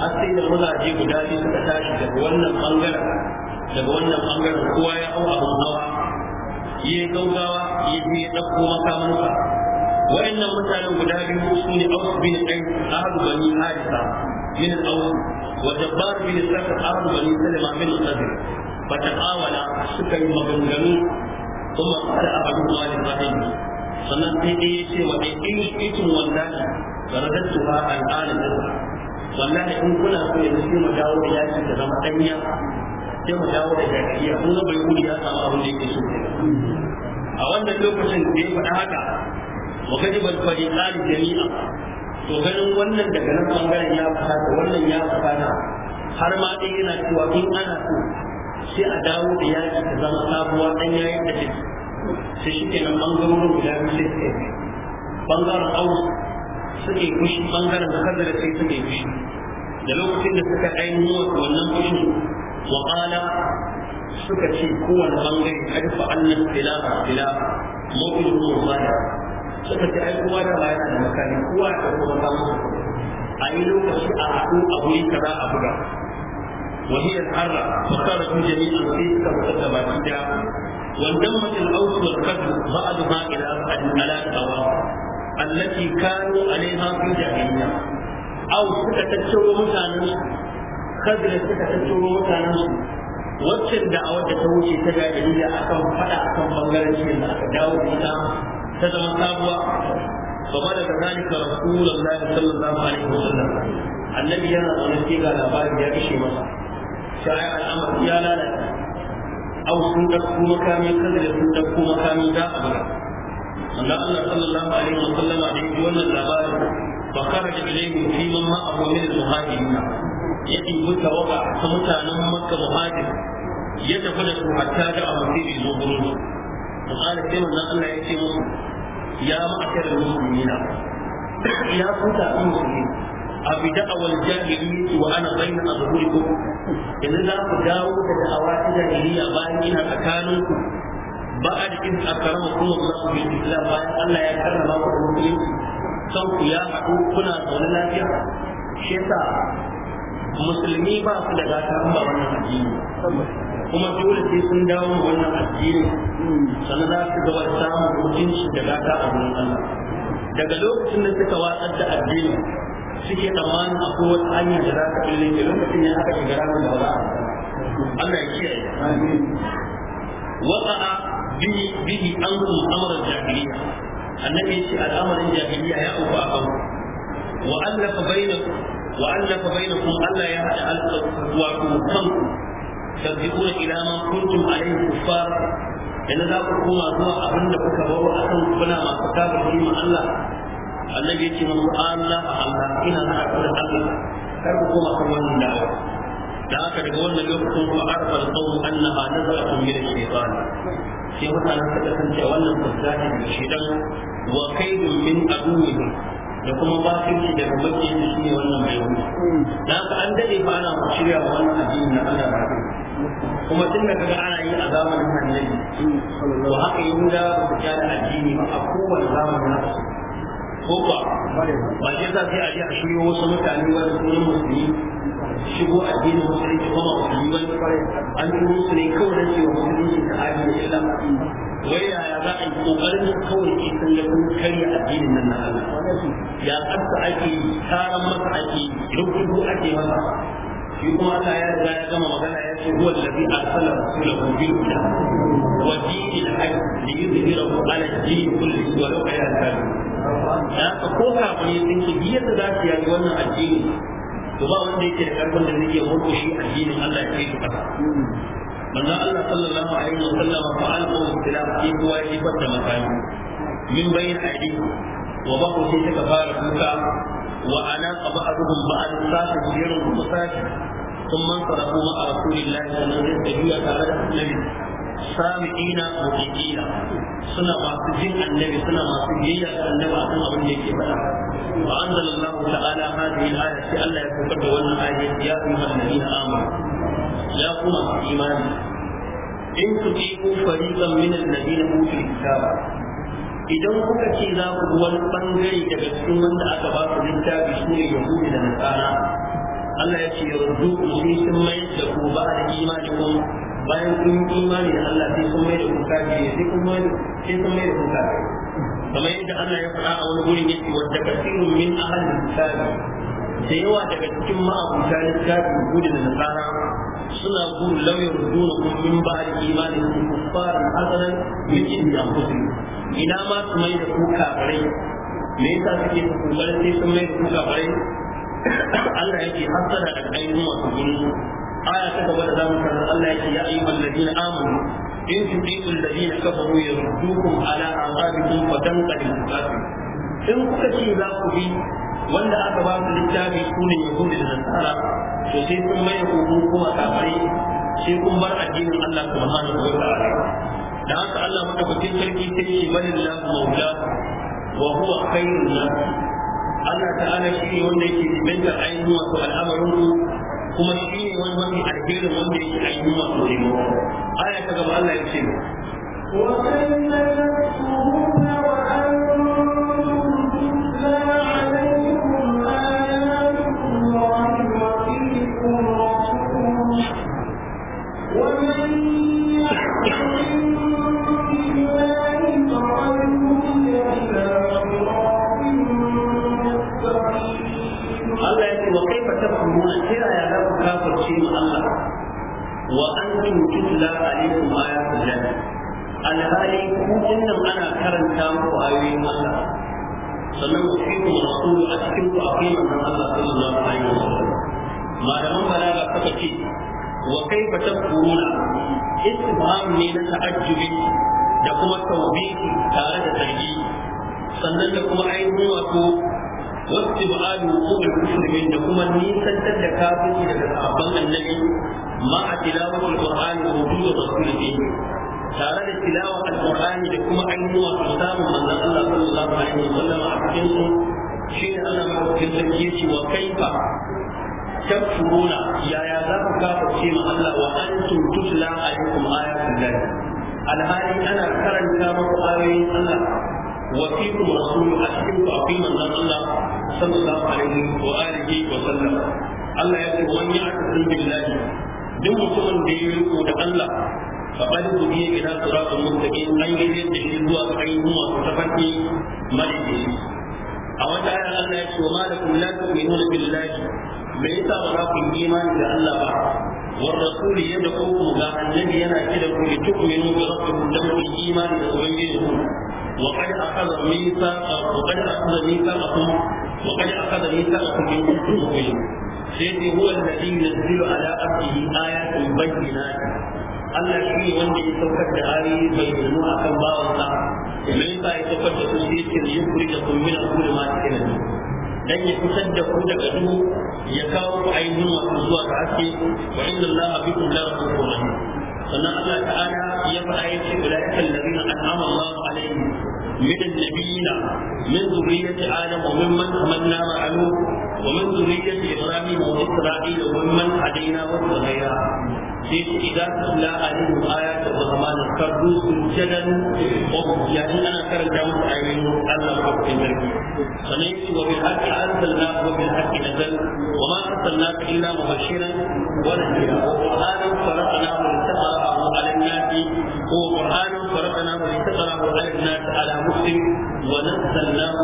har sai da mazaje guda biyu suka tashi daga wannan bangaren daga wannan bangaren kowa ya hau abu hawa ya yi gaugawa ya yi ya ɗauko makamansa wa'annan mutanen guda biyu su ne aus bin ɗan ahlu bani harisa من الأوس وجبار بن سلمة أهل بني سلمة من القدر فتعاون سكا مغنغنو ثم قال أحدهما لصاحبه sannan sai ɗaya ya ce wa ɗaya in ikin wallahi faradattu ha al'adar da wallahi in kuna so yanzu sai mu dawo da yaki da zama ɗanya sai mu dawo da jahiliya kun ga bai abin da so a wannan lokacin da ya faɗa haka wa jami'a to ganin wannan daga nan bangaren ya fita da wannan ya fita da, har ma dai yana cewa in ana so sai a dawo da yaki ta zama sabuwa dan yayin da take sai shi kenan bangarorin guda biyu sai suka bangaren aus suke kushi bangaren kadar sai suke kushi da lokacin da suka ainihin wasu wannan wa waƙala suka ce kowane bangare karfa annan filafa filafa mawuyin mu zaya suka ce ai kowa da ma da makami kowa kuma ɗauko makamin a yi lokaci a haɗu a wuri kaza a buga وهي الحرة فخرجوا جميعا فيها وكتبا كتابا واندمت الأوس والقدر بعضها إلى على الأواء التي كانوا عليها في جاهلية أو ستتشروا مثلا خدر ستتشروا مثلا waccan da a wata ta wuce ta jahiliya akan fada akan bangaren da aka ta zama sabuwa fa ba da zalika rasulullahi sallallahu alaihi wasallam annabi yana zaune sai ga labari ya ishe masa sai al'amari ya lalata au sun dauko makami kada da sun dauko makami za a buga manzo Allah sallallahu alaihi wasallam da yake wannan labarin fa kharaja ilayhi fi man ma abu min al-muhajirin ya dubi waka ta mutanen makka muhajir ya tafi da su a da a sai bai zo gurin qala sai manzon Allah ya ce musu ya ma'akar mu'minina ya kuta musulmi abi da'awal jahiliyyah wa ana bayna ko. Yanzu za ku dawo da da'awa ta jahiliya bayan ina tsakaninku بعد إذ أكرمكم الله Allah ya الله يكرم أبو المسلم ku يا حقوق كنا قول الله فيها شيطان musulmi ba su da gata ba wannan addini kuma dole sai sun dawo mu wannan addini sannan za su gaba samun mutunci da gata a wurin Allah daga lokacin da suka watsar da addini suke tsammanin akwai wata hanya da za ka kalle ne lokacin ne aka shiga ramin da ba Allah ya kiyaye waqa'a bihi bihi amrun amran jahiliya annabi ya ce al'amarin jahiliya ya auku a kan wa allafa bainakum wa allafa bainakum Allah ya hada alƙur wa ku san tadbiquna ila ma kuntum alayhi kuffar in za ku koma zuwa abin kuka bawa a kan kuna masu kafa kuma Allah annabi yake mun Allah Allah ina na kula Allah kar ku koma kan wannan da da haka daga wannan lokacin ku arfa al-qawm annaha nazaratun min ash-shaytan sai wannan suka san cewa wannan fasaha ne shi dan wa kaidun min da kuma bakinci daga bakinci shi ne wannan mai wani da haka an dade ba ana shirya wa wannan addini na Allah ba kuma tun da ga ana yi a zamanin annabi to haka yahuda ba su ja da addini ba a kowane zamanin na ko ba ba shi yasa sai a je a shiryo wasu mutane wani sunan musulmi shigo addinin musulunci kuma musulmi wani an turo su kawai da cewa musulunci ta hajji da illa wai yaya za a yi kokarin kawai ke san da kun karya addinin nan na Allah ya tsafta ake yi taran masa ake yi rubutu ake masa shi kuma Allah ya riga ya gama magana ya ce huwa allazi arsala rasulahu bil huda wa dinil haqq li yuzhirahu ala din kulli wa law ayya al ya ka ko kafin ya tsinki biyar da za su yaji wannan addini to ba wanda yake da karfin da zai iya murƙushe addinin Allah ya kai shi kasa manzon Allah sallallahu alaihi wa sallam fa alqu ikhtilaf fi kuwa yi fatta makami min bayin aidi wa ba ku sai suka fara kuka wa ana qaba'aduhum ba'an sashi jirun musashi ثم انصرفوا مع رسول الله صلى الله عليه وسلم تعالى النبي سامعين مطيعين سنة ما سجن النبي سنة ما سجية النبي أكون أبن يكي بلا فأنزل الله تعالى هذه الآية في الله يتفرد وأن آية يا أيها الذين آمنوا ya kuma su imani in su bi ku fariqan min alladhina utul kitaba idan kuka ce za ku wani bangare daga cikin wanda aka ba su littafi su ne yahudi da nasara Allah ya ce yanzu ku sai sun mai da ku ba da imani kun bayan kun imani da Allah sai sun mai da ku kafiri sai kun mai sai sun mai da ku kafiri kamar yadda Allah ya faɗa a wani gurin yake ka kasirun min ahalin kitab da yawa daga cikin ma'abuta littafin gudu da nasara suna guru lauyar duna kun ba da imani kun fara hasanan yakin da kusi ina ma su mai da kuka bare me yasa suke kukumar sai sun mai da kuka bare Allah yake hasara da ainihin masu gurin aya ta gaba da zamu karanta Allah yake ya ayyuhal ladina amanu in tuqitu alladina kafaru yardukum ala aqabikum fatanqalibu kafir in kuka ce za ku bi wanda aka ba su littafi sunan yahudi da nasara to sai kun mai da kuma kuma kafare sai kun bar addinin Allah subhanahu wa ta'ala da haka Allah madaukakin sarki sai shi balillahu mawla wa huwa khairun nas Allah ta'ala shi ne wanda yake dimanta ainihi wa al'amarin ku kuma shi ne wani mafi alherin wanda yake ainihin wato nemo aya ta gaba Allah ya ce وكيف wa alhali kudin nan ana karanta muku ayoyin Allah sannan ku fi mu rasulu a cikin ku akwai manzon Allah sallallahu alaihi wasallam malaman balaga suka ce wa kaifa tafkuruna istifham ne na ta'ajjubi da kuma tawbihi tare da zargi sannan da kuma ainihin wato wasu ba'adu kuma musulmin da kuma nisantar da kafin daga sahabban annabi ma a tilawar alqur'ani wa wujudu rasulih tare da tilawa alqur'ani da kuma ainihin wato samun manzon Allah sallallahu alaihi wasallam a cikin su shine Allah madaukakin sarki yace wa kaifa takfuruna yaya za ku kafirce ma Allah wa antum tutla alaikum ayatullahi alhali ana karanta muku ayoyin Allah وفيكم رسول أشكرك عظيما من الله صلى الله عليه وآله وسلم الله يقول من يعتصم بالله duk mutumin da ya riko da Allah فقد هدي الى صراط مستقيم ان يجد ta ايهما تفكي ملك a wata ayar Allah ya ce wa malakum la tu'minuna billahi me yasa ba za ku imani da Allah ba war rasul yad'ukum ga annabi yana kira ku li tu'minu bi rabbikum da ku imani da ubangiji wa qad akhadha mithaqa wa qad akhadha mithaqakum wa qad akhadha mithaqakum min kulli shay'in sai huwa alladhi yunzilu ala abdihi ayatin bayyinatin Allah shi wanda ya saukar da mai bai nuna akan bawansa me yasa ya saukar da su sai ce ya da kun yana kullu ma cikin dan ya fitar da ku daga duhu ya kawo ainihin wasu zuwa ga haske wa inna Allah bikum la rahmatun rahim sannan Allah ta'ala ya faɗa ya ce ulaika allazina an'ama Allah alaihim من النبيين من ذرية آدم وممن حملنا مع نوح ومن ذرية إبراهيم وإسرائيل وممن هدينا واصطفينا sai idan la alimu ayatu rahman karbu sujadan yani ana karanta musu ayoyin Allah ko cikin sarki sanan yace wa bil haqqi anzalna wa bil haqqi nazal wa ma arsalna illa mubashiran wa nadhira wa qur'anan farqnahu litaqra'ahu 'ala an-nasi wa qur'anan farqnahu litaqra'ahu 'ala an-nasi 'ala muslim wa nazzalnahu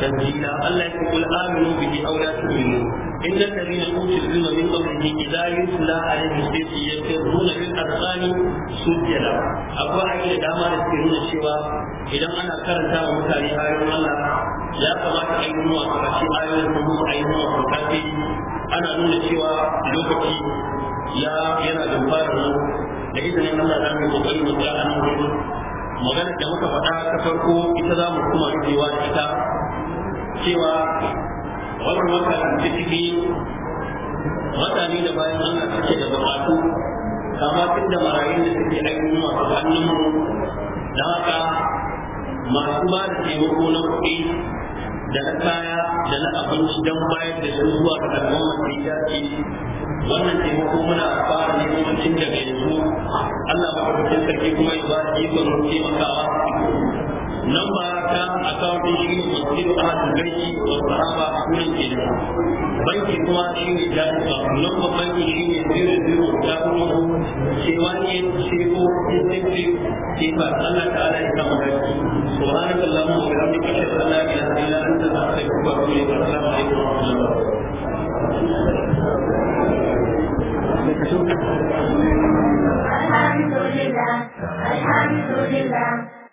tanzila Allah ya qul aminu bihi aw la tu'minu إن الذين أوتوا العلم من قبله إذا يتلى عليهم سيف يفرون بالأذقان سجدا أقوى أي دامة يذكرون الشواء إذا أنا كرنتا ومكاري آيون الله ya kamata a yi nuna a kashi ayoyin kuma a yi nuna a kashi ana nuna cewa lokaci ya yana da fara da izinin Allah za mu yi mu magana da muka faɗa ta farko ita za kuma rubewa cewa wannan wata da ciki wata ne da bayan Allah suke da bukatu kama tun da marayun da suke aiki masu hannunmu da haka masu ba da taimako na kuɗi da na kaya da na abinci don bayar da su zuwa ga al'ummar da ya wannan taimako muna fara neman mutum daga yanzu Allah ba ka sarki kuma ya ba da ikon taimakawa lamba ta account din shine masjidu ahadul baiti wa sahaba kullun kenan banki kuma shine jari ba lamba banki shine 00 da kuma shi wani shi ko shi shi ba Allah ta'ala ya kama da shi subhanaka allahumma wa bihamdika ashhadu an la الحمد لله الحمد لله